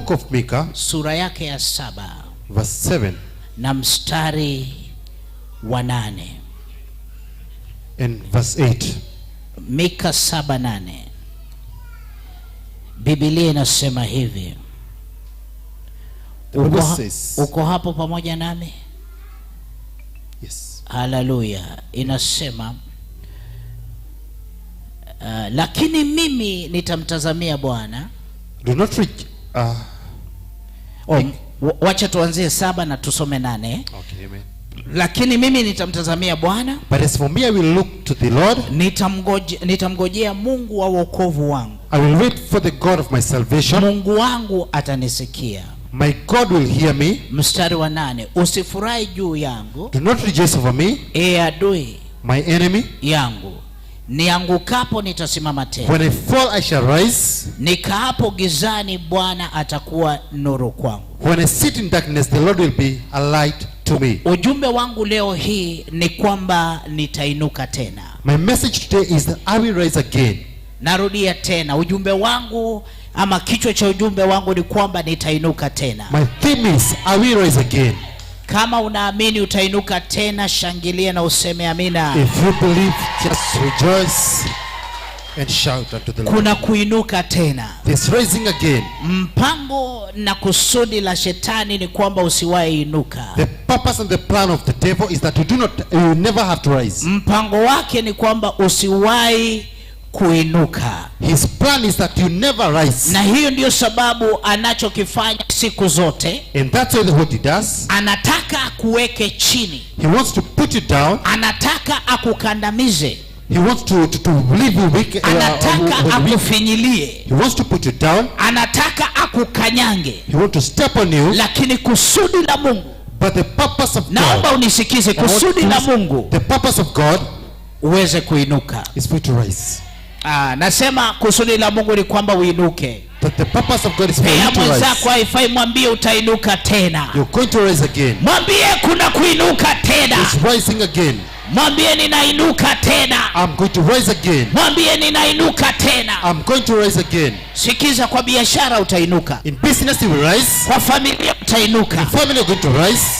book of Mika sura yake ya saba verse 7 na mstari wa nane and verse 8. Mika saba nane Biblia inasema hivi uko, uko hapo pamoja nami yes. Haleluya, inasema uh, lakini mimi nitamtazamia Bwana. Do not reach uh, oh, wacha tuanzie saba na tusome nane. Okay, amen. Lakini mimi nitamtazamia Bwana, but as for me I will look to the Lord. Nitamgoje, nitamgojea Mungu wa wokovu wangu. I will wait for the God of my salvation. Mungu wangu atanisikia. My God will hear me. Mstari wa nane, usifurahi juu yangu. Do not rejoice over me. E adui, my enemy yangu Niangukapo nitasimama tena. When I fall I shall rise. Nikaapo gizani Bwana atakuwa nuru kwangu. When I sit in darkness the Lord will be a light to me. Ujumbe wangu leo hii ni kwamba nitainuka tena. My message today is that I will rise again. Narudia tena ujumbe wangu ama kichwa cha ujumbe wangu ni kwamba nitainuka tena. My theme is I will rise again. Kama unaamini utainuka tena, shangilia na useme amina. If you believe, just rejoice and shout unto the Lord. Kuna kuinuka tena. This rising again. Mpango na kusudi la shetani ni kwamba usiwahi inuka. The purpose and the plan of the devil is that you do not, you never have to rise. Mpango wake ni kwamba usiwahi kuinuka. His plan is that you never rise. Na hiyo ndio sababu anachokifanya siku zote. And that's what he does. Anataka akuweke chini. He wants to put you down. Anataka akukandamize. He wants to, to, to leave you weak, uh, anataka uh, uh, uh akufinyilie. He wants to put you down. Anataka akukanyange. He wants to step on you. Lakini kusudi la Mungu. But the purpose of naomba God, unisikize, kusudi la Mungu, the purpose of God uweze kuinuka, is for you to rise. Ah, nasema kusudi la Mungu ni kwamba uinuke. That the purpose of God is for you to rise. Mwenzako haifai mwambie utainuka tena. You're going to rise again. Mwambie kuna kuinuka tena. It's rising again. Mwambie ninainuka tena. I'm going to rise again. Mwambie ninainuka tena. I'm going to rise again. Sikiza, kwa biashara utainuka. In business you will rise. Kwa familia utainuka. In family you're going to rise.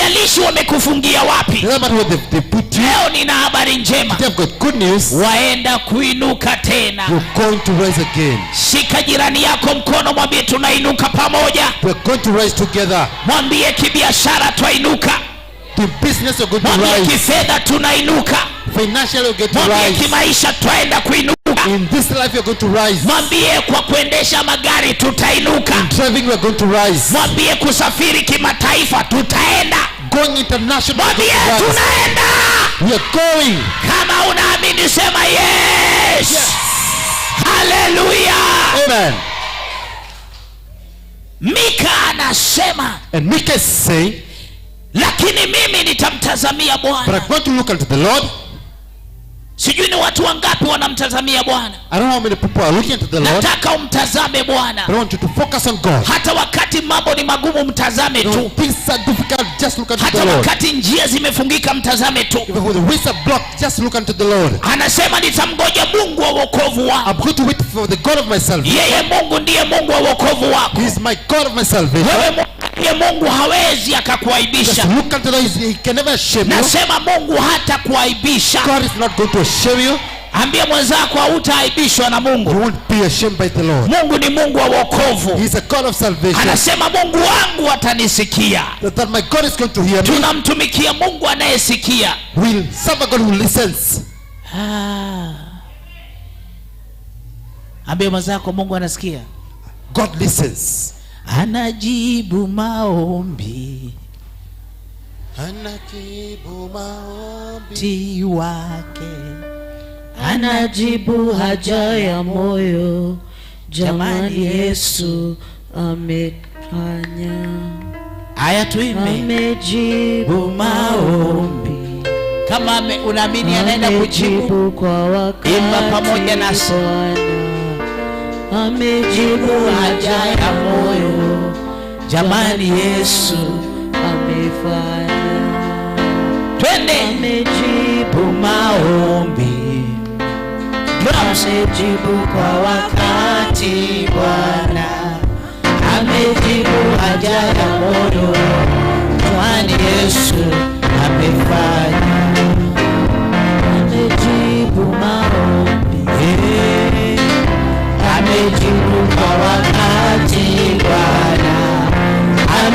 haijalishi wamekufungia wapi leo nina habari njema waenda kuinuka tena shika jirani yako mkono mwambie tunainuka pamoja mwambie kibiashara twainuka in business you're going to Mwambie rise. kifedha tunainuka Financially you're going to Mwambie rise. kimaisha twaenda kuinuka In this life you're going to rise. mwambie kwa kuendesha magari tutainuka In driving we're going to rise. mwambie kusafiri kimataifa tutaenda Going international you're mwambie tunaenda We are going. kama unaamini sema yes, Yes. Hallelujah. Amen. mika anasema And Mika is saying, lakini mimi nitamtazamia Bwana. But to look unto the Lord. Sijui ni watu wangapi wanamtazamia Bwana. I don't know how many people are looking the Lord. Nataka umtazame Bwana. I want you to focus on God. Hata wakati mambo ni magumu mtazame tu. Things are difficult, just look unto the Lord. Hata wakati njia zimefungika mtazame tu. the ways are blocked, just look unto the Lord. Anasema nitamgoja Mungu wa wokovu wangu. I'm going to wait for the God of Yeye Mungu ndiye Mungu wa wokovu wako. He is my God of Mwambie Mungu hawezi akakuaibisha. Nasema Mungu hatakuaibisha. God is not going to shame you. Ambia mwenzako hautaaibishwa na Mungu. You won't be ashamed by the Lord. Mungu ni Mungu wa wokovu. He is a God of salvation. Anasema Mungu wangu atanisikia. That, my God is going to hear me. Tunamtumikia Mungu anayesikia. We'll serve a God who listens. Ah. Ambia mwenzako Mungu anasikia. God listens anajibu maombi anajibu maombi wake anajibu haja ya moyo. Jamani, Yesu amefanya haya, tuime. Amejibu maombi. Kama unaamini anaenda kujibu kwa wakati, imba pamoja nasi. Amejibu haja ya moyo Jamani, Yesu amefanya, twende, amejibu maombi, amejibu kwa wakati. Bwana amejibu haja ya moyo, jamani, Yesu amefanya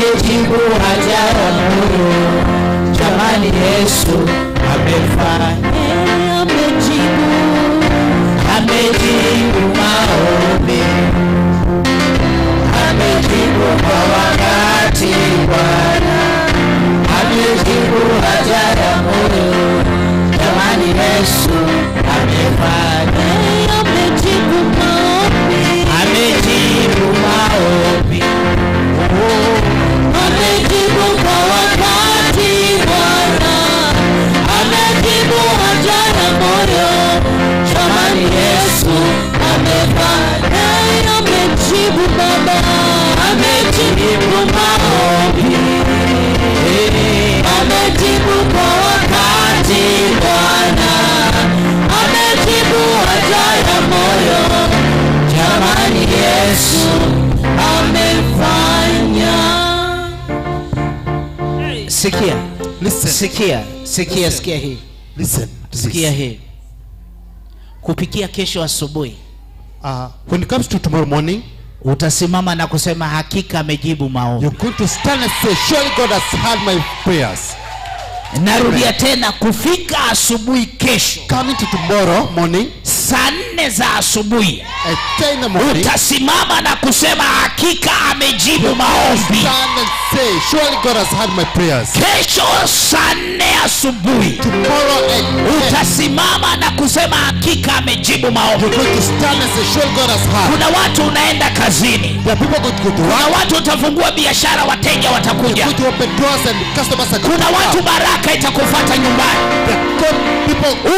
aliyejibu haja ya Jamani, Yesu amefanya, amejibu, amejibu maombi, amejibu kwa wakati. Bwana amejibu haja ya moyo. Jamani, Yesu Sikia, listen, sikia, sikia, sikia hii, listen, sikia hii. Kupikia kesho asubuhi, uh, when it comes to tomorrow morning, utasimama na kusema hakika amejibu maombi. You're going to stand and say surely God has heard my prayers narudia tena kufika asubuhi kesho coming to tomorrow morning saa nne za asubuhi utasimama na kusema hakika amejibu maombi kesho saa nne asubuhi tomorrow kusema hakika amejibu maombi. Kuna watu unaenda kazini, kuna watu utafungua biashara, wateja watakuja. Kuna watu baraka itakufata nyumbani,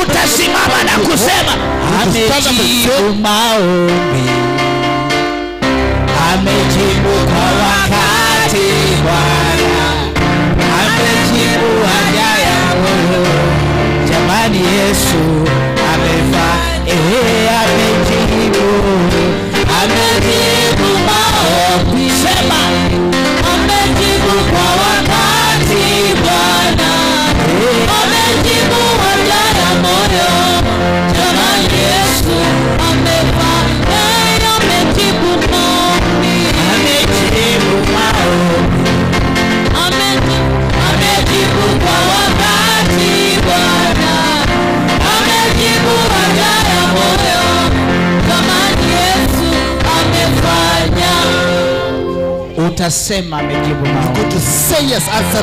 utasimama na kusema amejibu maombi, amejibu kwa wakati Bwana amejibu haja jamani Yesu Hey, I need you. I a you. utasema amejibu maombi. say yes,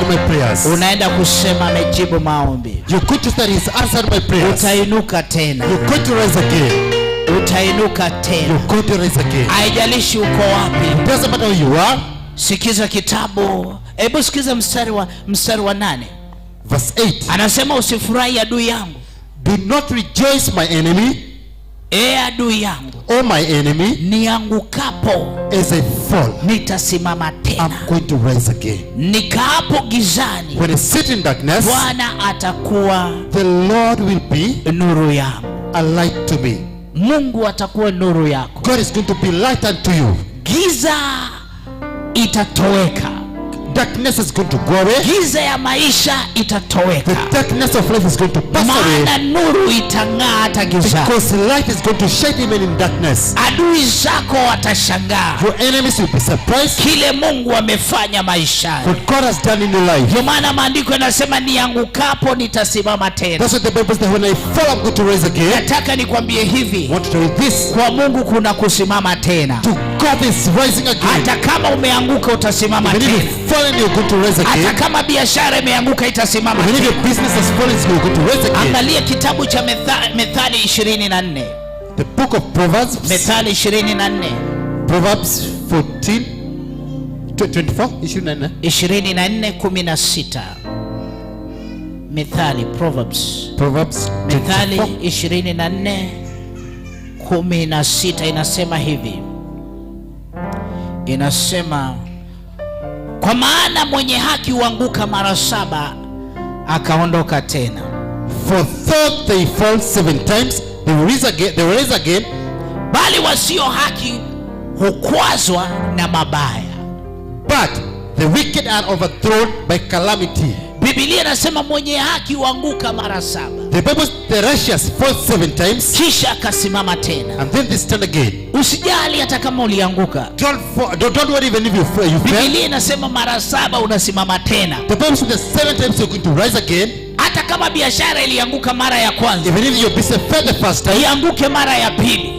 my prayers. Unaenda kusema amejibu maombi. You're say yes, my prayers. Utainuka tena. Utainuka tena. Haijalishi uko wapi. Doesn't matter you are. Sikiza kitabu. Hebu sikiza mstari wa mstari wa nane. Verse 8. Anasema usifurahi adui yangu. Do not rejoice my enemy e adui yangu o oh, my enemy niangukapo as I fall nitasimama tena I'm going to rise again nikaapo gizani when I sit in darkness bwana atakuwa the lord will be nuru yangu a light to me mungu atakuwa nuru yako god is going to be light unto you giza itatoweka Darkness is going to go away. Giza ya maisha itatoweka. The darkness of life is going to pass away. Maana nuru itang'aa hata giza. Because light is going to shine even in darkness. Adui zako watashangaa. Your enemies will be surprised. Kile Mungu amefanya maisha. What God has done in your life. Ndio maana maandiko yanasema niangukapo nitasimama tena. That's what the Bible says when I fall I'm going to rise again. Nataka nikwambie hivi. What to tell you this. Kwa Mungu kuna kusimama tena. To God is rising again. Hata kama umeanguka utasimama tena fallen, you're going to again. Hata kama biashara imeanguka itasimama. your business has fallen, you're going to again. Angalia kitabu cha Methali 24. The book of Proverbs. Methali 24. Proverbs 14 Methali 24 16 inasema hivi, inasema kwa maana mwenye haki huanguka mara saba akaondoka tena. For though they fall seven times they will rise again, they will rise again. Bali wasio haki hukwazwa na mabaya. But the wicked are overthrown by calamity. Biblia inasema mwenye haki huanguka mara saba. The Bible the righteous fall seven times. Kisha akasimama tena. And then they stand again. Usijali hata kama ulianguka. Don't fall, don't, don't worry even if you fall, you fell. Biblia inasema mara saba unasimama tena. The Bible says the seven times you're going to rise again hata kama biashara ilianguka mara ya kwanza, even if you business fell the first time, ianguke mara ya pili.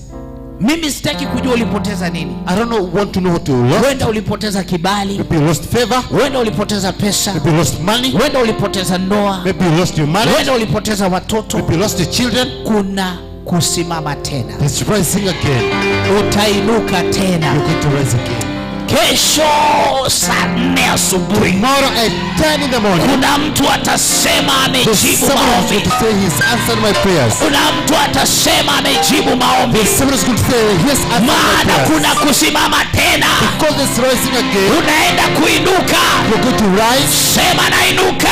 Mimi sitaki kujua ulipoteza nini. I don't know, want to know what you lost. Wenda ulipoteza kibali. Maybe you lost favor. Wenda ulipoteza pesa. Maybe you lost money. Wenda ulipoteza ndoa. Maybe you lost your marriage. Wenda ulipoteza watoto. Maybe you lost the children. Kuna kusimama tena. Let's rise again. Utainuka tena. You're going to rise again kesho saa nne asubuhi kuna mtu atasema amejibu maombi kuna mtu atasema amejibu maombi maana kuna kusimama tena unaenda kuinuka sema nainuka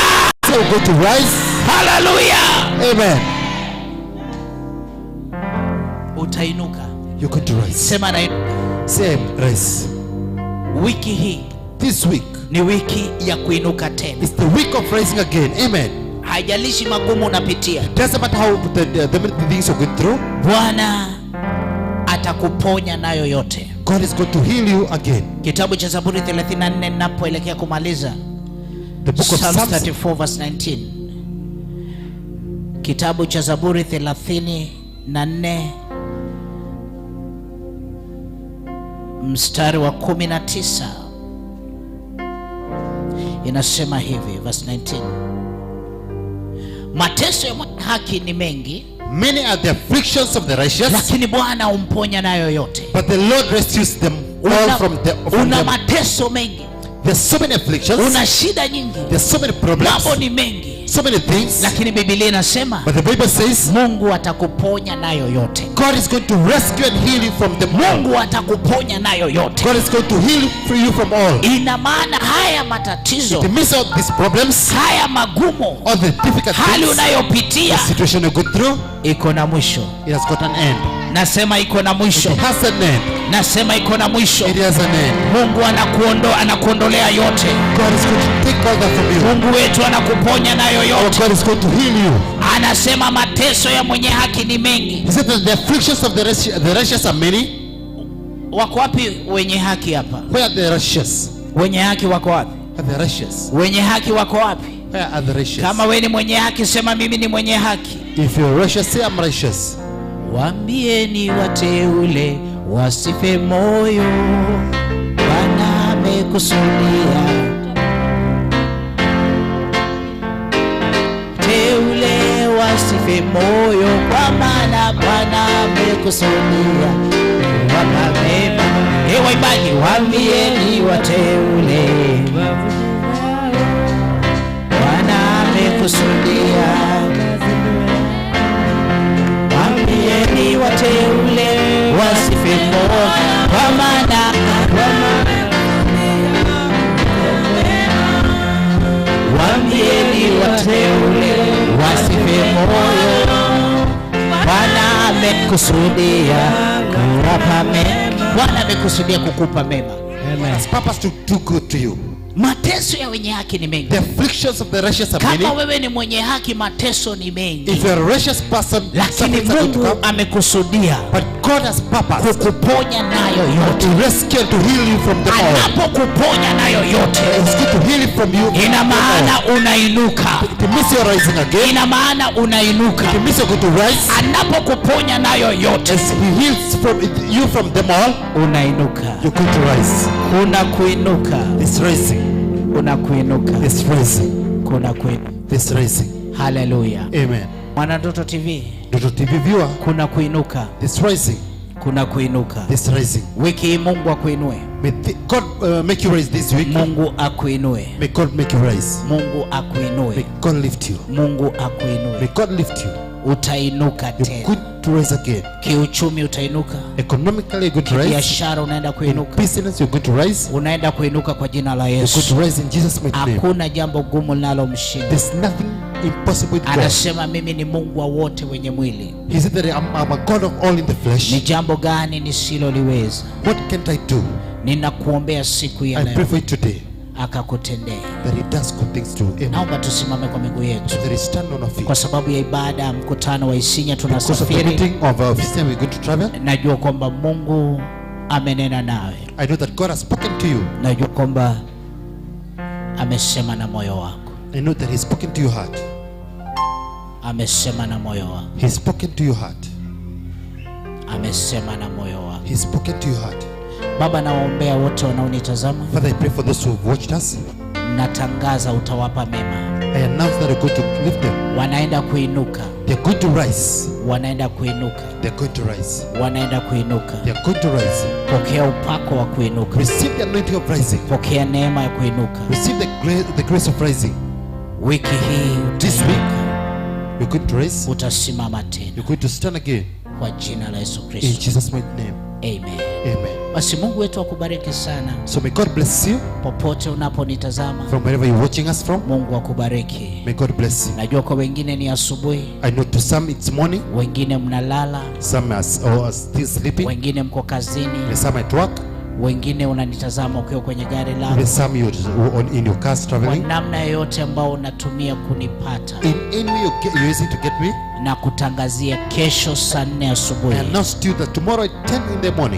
haleluya amen utainuka. sema could rise. Sema rise wiki hii this week ni wiki ya kuinuka tena it's the week of rising again amen haijalishi magumu unapitia it doesn't matter how the, the, the, the things you're going through bwana atakuponya nayo yote god is going to heal you again kitabu cha zaburi 34 ninapoelekea kumaliza the book of psalms 34 verse 19 kitabu cha zaburi 34 mstari wa 19 inasema hivi, verse 19, mateso ya mwenye haki ni mengi, many are the afflictions of the righteous, lakini Bwana umponya nayo yote. But the Lord rescues them all from the from una mateso mengi, there's so many afflictions, una shida nyingi, there's so many problems, mambo ni mengi so many things, lakini Biblia inasema but the Bible says, Mungu atakuponya nayo yote. God is going to rescue and heal you from the all. Mungu atakuponya nayo yote. God is going to heal you from all. Ina maana haya matatizo, it means all these problems, haya magumu, all the difficult hali unayopitia, the situation you go through, iko na mwisho. It has got an end. Nasema iko na mwisho. Nasema iko na mwisho. Mungu anakuondoa, anakuondolea yote. Mungu wetu anakuponya nayo oh, yote. Anasema mateso ya mwenye haki ni mengi. Wako wapi wenye haki hapa? Where are the righteous? Wenye haki wako wapi? Are the righteous. Wenye haki wako wapi? Where are the righteous? Kama wewe ni mwenye haki, sema mimi ni mwenye haki. If you're righteous, say I'm righteous waambieni wateule wasife moyo, Bwana amekusudia. teule wasife moyo, kwa maana Bwana amekusudia kuwapa mema. Ee waimbaji, waambieni wateule, Bwana amekusudia wateule wasife moyo, kwa maana waambieni wateule wasife moyo, Bwana amekusudia kuwapa mema. Bwana amekusudia kukupa mema. Amen. purpose to do good to you mateso ya wenye haki ni mengi. The afflictions of the righteous are many. Kama wewe ni mwenye haki, mateso ni mengi. If you're a righteous person, lakini Mungu amekusudia but God has purpose kukuponya nayo yote. To rescue, to heal you from the all. Anapokuponya nayo yote, to heal you from you. Ina maana unainuka. It means you're rising again. Ina maana unainuka. It means you're going to rise. Anapokuponya nayo yote, as he heals from you from the all, unainuka. You're going to rise. Unakuinuka. kuinuka. It's rising kuna kuinuka. This rising. Kuna kuinuka. This rising. Hallelujah. Amen. Mwana Ndoto TV. Ndoto TV viewer. Kuna kuinuka. This rising. Kuna kuinuka. This rising. Wiki hii Mungu akuinue. May God uh, make you rise this week. Mungu akuinue. May God make you rise. Mungu akuinue. May God lift you. Mungu akuinue. May God lift you utainuka tena. Kiuchumi utainuka, kibiashara unaenda kuinuka, unaenda kuinuka kwa jina la Yesu. Hakuna jambo gumu linalomshinda. Anasema mimi ni Mungu wa wote wenye mwili. Ni jambo gani nisiloliweza? Ninakuombea siku ya leo akakutendea. tusimame kwa miguu yetu kwa sababu ya ibada ya mkutano wa Isinya tunasafiri. kwamba Mungu amenena nawe. I know that God has spoken to you. Najua kwamba amesema na moyo wako. I know that spoken to your heart. Amesema na moyo wako. spoken to your heart. Amesema na moyo wako. spoken to your heart. Baba, nawaombea wote wanaonitazama. Father, I pray for those who have watched us. Natangaza utawapa mema. I announce that they're going to lift them. Wanaenda kuinuka. They're going to rise. Wanaenda kuinuka. They're going to rise. Wanaenda kuinuka. They're going to rise. Pokea upako wa kuinuka. Receive the anointing of rising. Pokea neema ya kuinuka. Receive the grace, the grace of rising. Wiki hii, this week, you're going to rise. Utasimama tena. You're going to stand again. Kwa jina la Yesu Kristo. In Jesus mighty name. Amen. Amen. Basi Mungu wetu akubariki sana. So may God bless you. Popote unaponitazama. From wherever you're watching us from. Mungu akubariki. May God bless you. Najua kwa wengine ni asubuhi. I know to some it's morning. Wengine mnalala. Some are, still sleeping. Wengine mko kazini. And some at work. Wengine unanitazama ukiwa kwenye gari lako. Some you on in your car traveling. Kwa namna yoyote ambao unatumia kunipata. In any way you're using to get me na kutangazia kesho saa nne asubuhi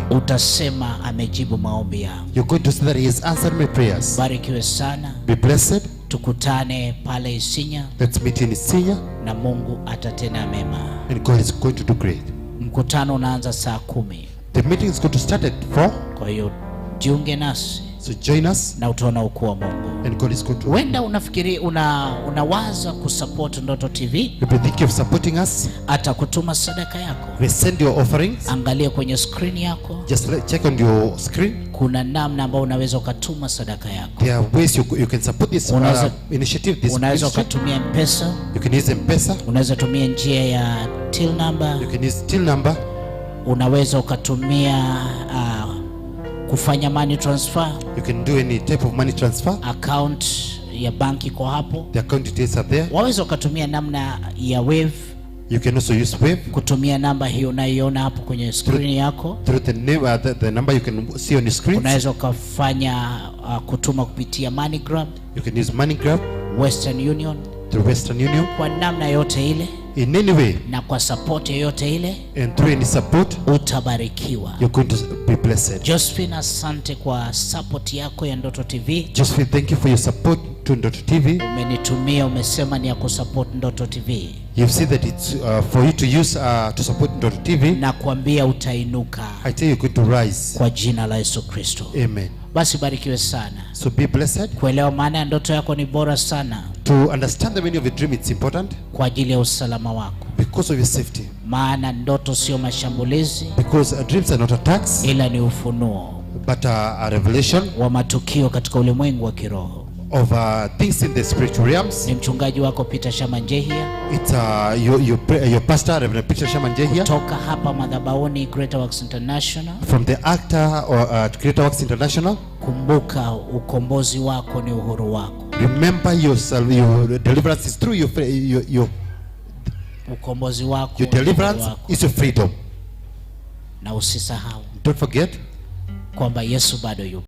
utasema amejibu maombi yangu. Barikiwe sana. Be blessed. Tukutane pale Isinya. Let's meet in Isinya. Na Mungu atatenda mema. And God is going to do great. Mkutano unaanza saa kumi. The meeting is going to start at 4. Kwa hiyo jiunge nasi. So join us na utaona ukuu wa Mungu. And God is good. Wenda unafikiri una unawaza kusupport Ndoto TV. You thinking of supporting us. Hata kutuma sadaka yako. We send your offerings. Angalia kwenye screen yako. Just check on your screen. Kuna namna ambayo unaweza ukatuma sadaka yako. There are ways you, you can support this uh, unaweza, uh, initiative this. Unaweza ukatumia M-Pesa. You can use M-Pesa. Unaweza tumia njia ya till number. You can use till number. Unaweza ukatumia uh, kufanya money transfer. You can do any type of money transfer. Account ya banki kwa hapo. The account details are there. Waweza ukatumia namna ya wave. You can also use wave. Kutumia namba hiyo unayoiona hapo kwenye screen yako. Through the, uh, the, the number you can see on the screen. Unaweza ukafanya uh, kutuma kupitia MoneyGram. You can use MoneyGram. Western Union. Through Western Union. Kwa namna yote ile in any way, na kwa support yoyote ile, and through any support, utabarikiwa. You're going to be blessed. Josephine, asante kwa support yako ya Ndoto TV. Josephine, thank you for your support to Ndoto TV. Umenitumia, umesema ni ya kusupport Ndoto TV. You've said that it's uh, for you to use uh, to support Ndoto TV. na kuambia utainuka. I tell you, you're going to rise. Kwa jina la Yesu Kristo. Amen basi barikiwe sana. So be blessed. Kuelewa maana ya ndoto yako ni bora sana. To understand the meaning of a dream it's important. Kwa ajili ya usalama wako. Because of your safety. Maana ndoto sio mashambulizi. Because uh, dreams are not attacks. Ila ni ufunuo. But a, uh, a revelation. Wa matukio katika ulimwengu wa kiroho of uh, things in the spiritual realms. Ni mchungaji wako Peter Shama Njehia. It's uh, your, your, uh, your pastor Reverend Peter Shama Njehia. Kutoka hapa madhabahuni Greater Works International. From the actor or, uh, uh, Greater Works International. Kumbuka ukombozi wako ni uhuru wako. Remember your, your deliverance is through your, your, your ukombozi wako. Your deliverance wako. is your freedom. Na usisahau. Don't forget kwamba Yesu bado yupo.